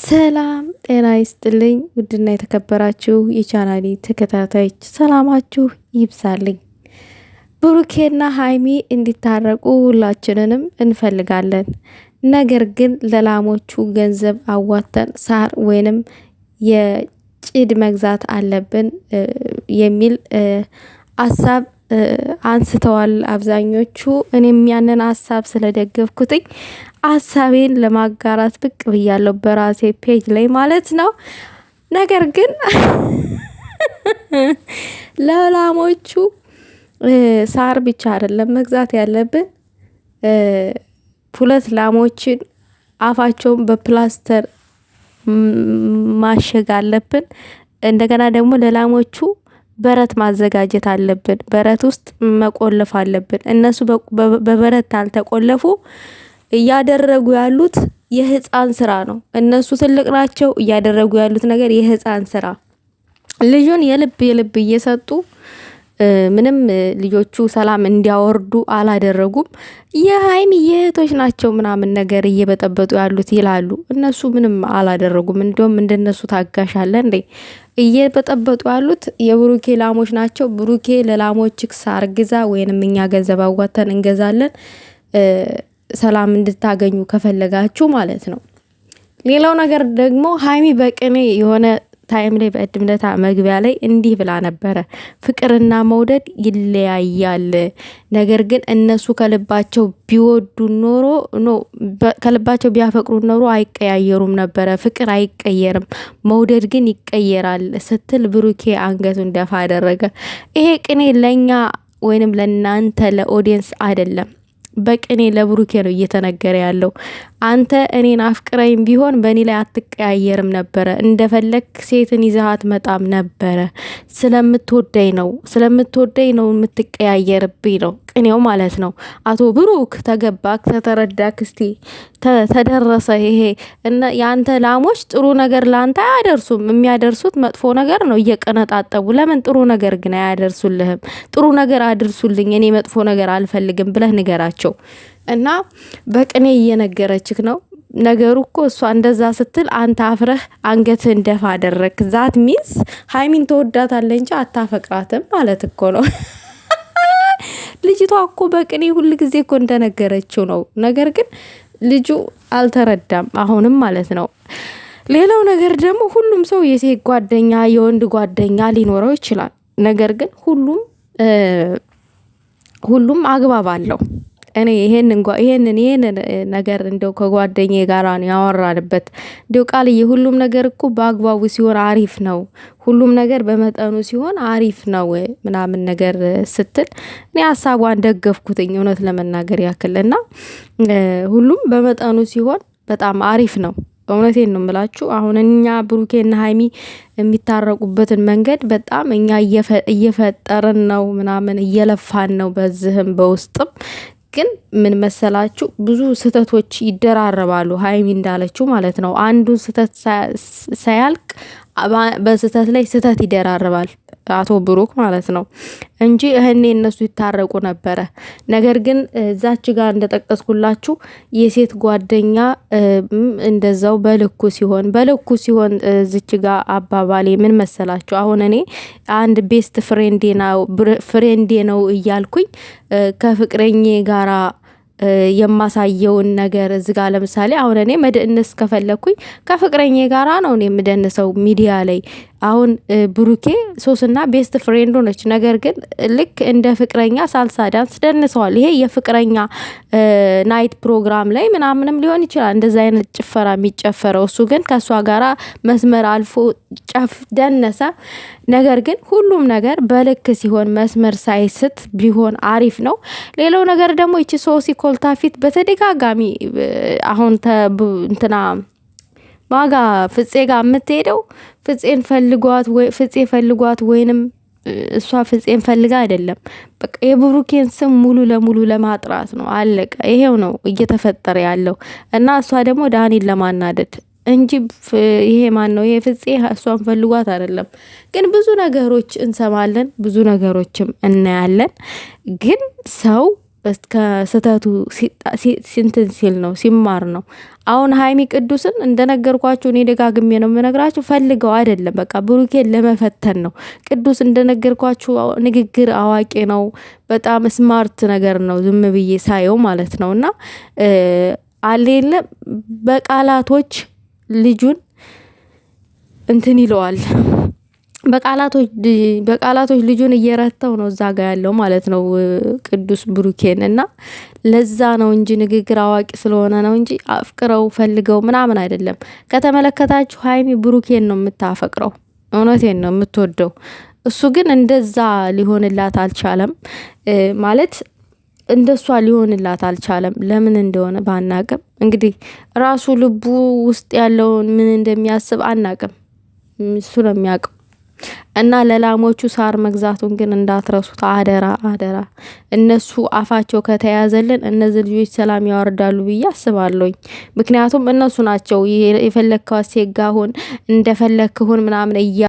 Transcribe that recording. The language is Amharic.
ሰላም ጤና ይስጥልኝ። ውድና የተከበራችሁ የቻናሊ ተከታታዮች ሰላማችሁ ይብዛልኝ። ብሩኬና ሀይሚ እንዲታረቁ ሁላችንንም እንፈልጋለን። ነገር ግን ለላሞቹ ገንዘብ አዋተን ሳር ወይንም የጭድ መግዛት አለብን የሚል አሳብ አንስተዋል አብዛኞቹ። እኔም ያንን ሀሳብ ስለደገፍኩትኝ አሳቤን ለማጋራት ብቅ ብያለሁ በራሴ ፔጅ ላይ ማለት ነው። ነገር ግን ለላሞቹ ሳር ብቻ አይደለም መግዛት ያለብን። ሁለት ላሞችን አፋቸውን በፕላስተር ማሸግ አለብን። እንደገና ደግሞ ለላሞቹ በረት ማዘጋጀት አለብን። በረት ውስጥ መቆለፍ አለብን። እነሱ በበረት አልተቆለፉ እያደረጉ ያሉት የህፃን ስራ ነው። እነሱ ትልቅ ናቸው። እያደረጉ ያሉት ነገር የህፃን ስራ ልጁን የልብ የልብ እየሰጡ ምንም ልጆቹ ሰላም እንዲያወርዱ አላደረጉም። የሀይሚ የእህቶች ናቸው ምናምን ነገር እየበጠበጡ ያሉት ይላሉ። እነሱ ምንም አላደረጉም። እንዲሁም እንደነሱ ታጋሽ አለ እንዴ? እየበጠበጡ ያሉት የብሩኬ ላሞች ናቸው። ብሩኬ ለላሞች ክስ አርግዛ ወይንም እኛ ገንዘብ አዋተን እንገዛለን ሰላም እንድታገኙ ከፈለጋችሁ ማለት ነው። ሌላው ነገር ደግሞ ሀይሚ በቅኔ የሆነ ታይም ላይ በእድምለታ መግቢያ ላይ እንዲህ ብላ ነበረ። ፍቅርና መውደድ ይለያያል፣ ነገር ግን እነሱ ከልባቸው ቢወዱ ኖሮ ኖ ከልባቸው ቢያፈቅሩ ኖሮ አይቀያየሩም ነበረ። ፍቅር አይቀየርም፣ መውደድ ግን ይቀየራል ስትል ብሩኬ አንገቱን ደፋ አደረገ። ይሄ ቅኔ ለእኛ ወይንም ለእናንተ ለኦዲየንስ አይደለም። በቅኔ ለብሩኬ ነው እየተነገረ ያለው። አንተ እኔን አፍቅረኝ ቢሆን በእኔ ላይ አትቀያየርም ነበረ፣ እንደፈለግ ሴትን ይዘሃት መጣም ነበረ። ስለምትወደኝ ነው ስለምትወደኝ ነው የምትቀያየርብኝ ነው ቅኔው ማለት ነው። አቶ ብሩክ ተገባክ፣ ተተረዳክ፣ እስቲ ተደረሰ ይሄ እና የአንተ ላሞች ጥሩ ነገር ለአንተ አያደርሱም። የሚያደርሱት መጥፎ ነገር ነው እየቀነጣጠቡ። ለምን ጥሩ ነገር ግን አያደርሱልህም? ጥሩ ነገር አድርሱልኝ፣ እኔ መጥፎ ነገር አልፈልግም ብለህ ንገራቸው እና በቅኔ እየነገረችክ ነው። ነገሩ እኮ እሷ እንደዛ ስትል አንተ አፍረህ አንገትህን ደፋ አደረግ። ዛት ሚንስ ሀይሚን ተወዳታለህ እንጂ አታፈቅራትም ማለት እኮ ነው። ልጅቷ እኮ በቅኔ ሁል ጊዜ እኮ እንደነገረችው ነው። ነገር ግን ልጁ አልተረዳም፣ አሁንም ማለት ነው። ሌላው ነገር ደግሞ ሁሉም ሰው የሴት ጓደኛ የወንድ ጓደኛ ሊኖረው ይችላል። ነገር ግን ሁሉም ሁሉም አግባብ አለው። እኔ ይሄንን ይሄንን ይሄን ነገር እንደው ከጓደኛዬ ጋር ነው ያወራንበት። እንደው ቃልዬ፣ ሁሉም ነገር እኮ በአግባቡ ሲሆን አሪፍ ነው፣ ሁሉም ነገር በመጠኑ ሲሆን አሪፍ ነው ምናምን ነገር ስትል እኔ ሀሳቧን ደገፍኩትኝ እውነት ለመናገር ያክል እና ሁሉም በመጠኑ ሲሆን በጣም አሪፍ ነው። እውነቴን ነው የምላችሁ። አሁን እኛ ብሩኬና ሀይሚ የሚታረቁበትን መንገድ በጣም እኛ እየፈጠርን ነው ምናምን እየለፋን ነው በዚህም በውስጥም ግን ምን መሰላችሁ ብዙ ስህተቶች ይደራረባሉ። ሀይሚ እንዳለችው ማለት ነው። አንዱን ስህተት ሳያልቅ በስህተት ላይ ስህተት ይደራረባል። አቶ ብሩክ ማለት ነው እንጂ እህኔ እነሱ ይታረቁ ነበረ። ነገር ግን እዛች ጋር እንደጠቀስኩላችሁ የሴት ጓደኛ እንደዛው በልኩ ሲሆን በልኩ ሲሆን እዚች ጋር አባባሌ ምን መሰላችሁ? አሁን እኔ አንድ ቤስት ፍሬንዴ ነው እያልኩኝ ከፍቅረኜ ጋራ የማሳየውን ነገር ጋ ለምሳሌ አሁን እኔ መደነስ ከፈለግኩኝ ከፍቅረኜ ጋራ ነው የምደንሰው ሚዲያ ላይ አሁን ብሩኬ ሶስና ቤስት ፍሬንዱ ነች። ነገር ግን ልክ እንደ ፍቅረኛ ሳልሳ ዳንስ ደንሰዋል። ይሄ የፍቅረኛ ናይት ፕሮግራም ላይ ምናምንም ሊሆን ይችላል እንደዚ አይነት ጭፈራ የሚጨፈረው። እሱ ግን ከእሷ ጋራ መስመር አልፎ ጨፍ ደነሰ። ነገር ግን ሁሉም ነገር በልክ ሲሆን መስመር ሳይስት ቢሆን አሪፍ ነው። ሌላው ነገር ደግሞ ይቺ ሶሲ ኮልታፊት በተደጋጋሚ አሁን እንትና ዋጋ ፍፄ ጋር የምትሄደው ፍፄን ፈልጓት ፍፄ ፈልጓት ወይንም እሷ ፍፄን ፈልጋ አይደለም። በቃ የብሩኬን ስም ሙሉ ለሙሉ ለማጥራት ነው። አለቀ። ይሄው ነው እየተፈጠረ ያለው እና እሷ ደግሞ ዳኒን ለማናደድ እንጂ ይሄ ማን ነው ይሄ ፍፄ እሷን ፈልጓት አይደለም። ግን ብዙ ነገሮች እንሰማለን፣ ብዙ ነገሮችም እናያለን። ግን ሰው ከስህተቱ ስንትን ሲል ነው ሲማር ነው። አሁን ሀይሚ ቅዱስን እንደነገርኳችሁ እኔ ደጋግሜ ነው የምነግራችሁ፣ ፈልገው አይደለም። በቃ ብሩኬን ለመፈተን ነው። ቅዱስ እንደነገርኳችሁ ንግግር አዋቂ ነው። በጣም ስማርት ነገር ነው። ዝም ብዬ ሳየው ማለት ነው እና አሌለ በቃላቶች ልጁን እንትን ይለዋል። በቃላቶች ልጁን እየረተው ነው እዛ ጋ ያለው ማለት ነው። ቅዱስ ብሩኬን እና ለዛ ነው እንጂ ንግግር አዋቂ ስለሆነ ነው እንጂ አፍቅረው ፈልገው ምናምን አይደለም። ከተመለከታችሁ ሀይሚ ብሩኬን ነው የምታፈቅረው፣ እውነቴን ነው የምትወደው። እሱ ግን እንደዛ ሊሆንላት አልቻለም ማለት እንደሷ ሊሆንላት አልቻለም። ለምን እንደሆነ ባናቅም እንግዲህ ራሱ ልቡ ውስጥ ያለውን ምን እንደሚያስብ አናቅም፣ እሱ ነው የሚያውቀው። እና ለላሞቹ ሳር መግዛቱን ግን እንዳትረሱት አደራ አደራ። እነሱ አፋቸው ከተያዘልን እነዚህ ልጆች ሰላም ያወርዳሉ ብዬ አስባለሁኝ። ምክንያቱም እነሱ ናቸው የፈለግከው ሴጋ ሁን ምናምን እያ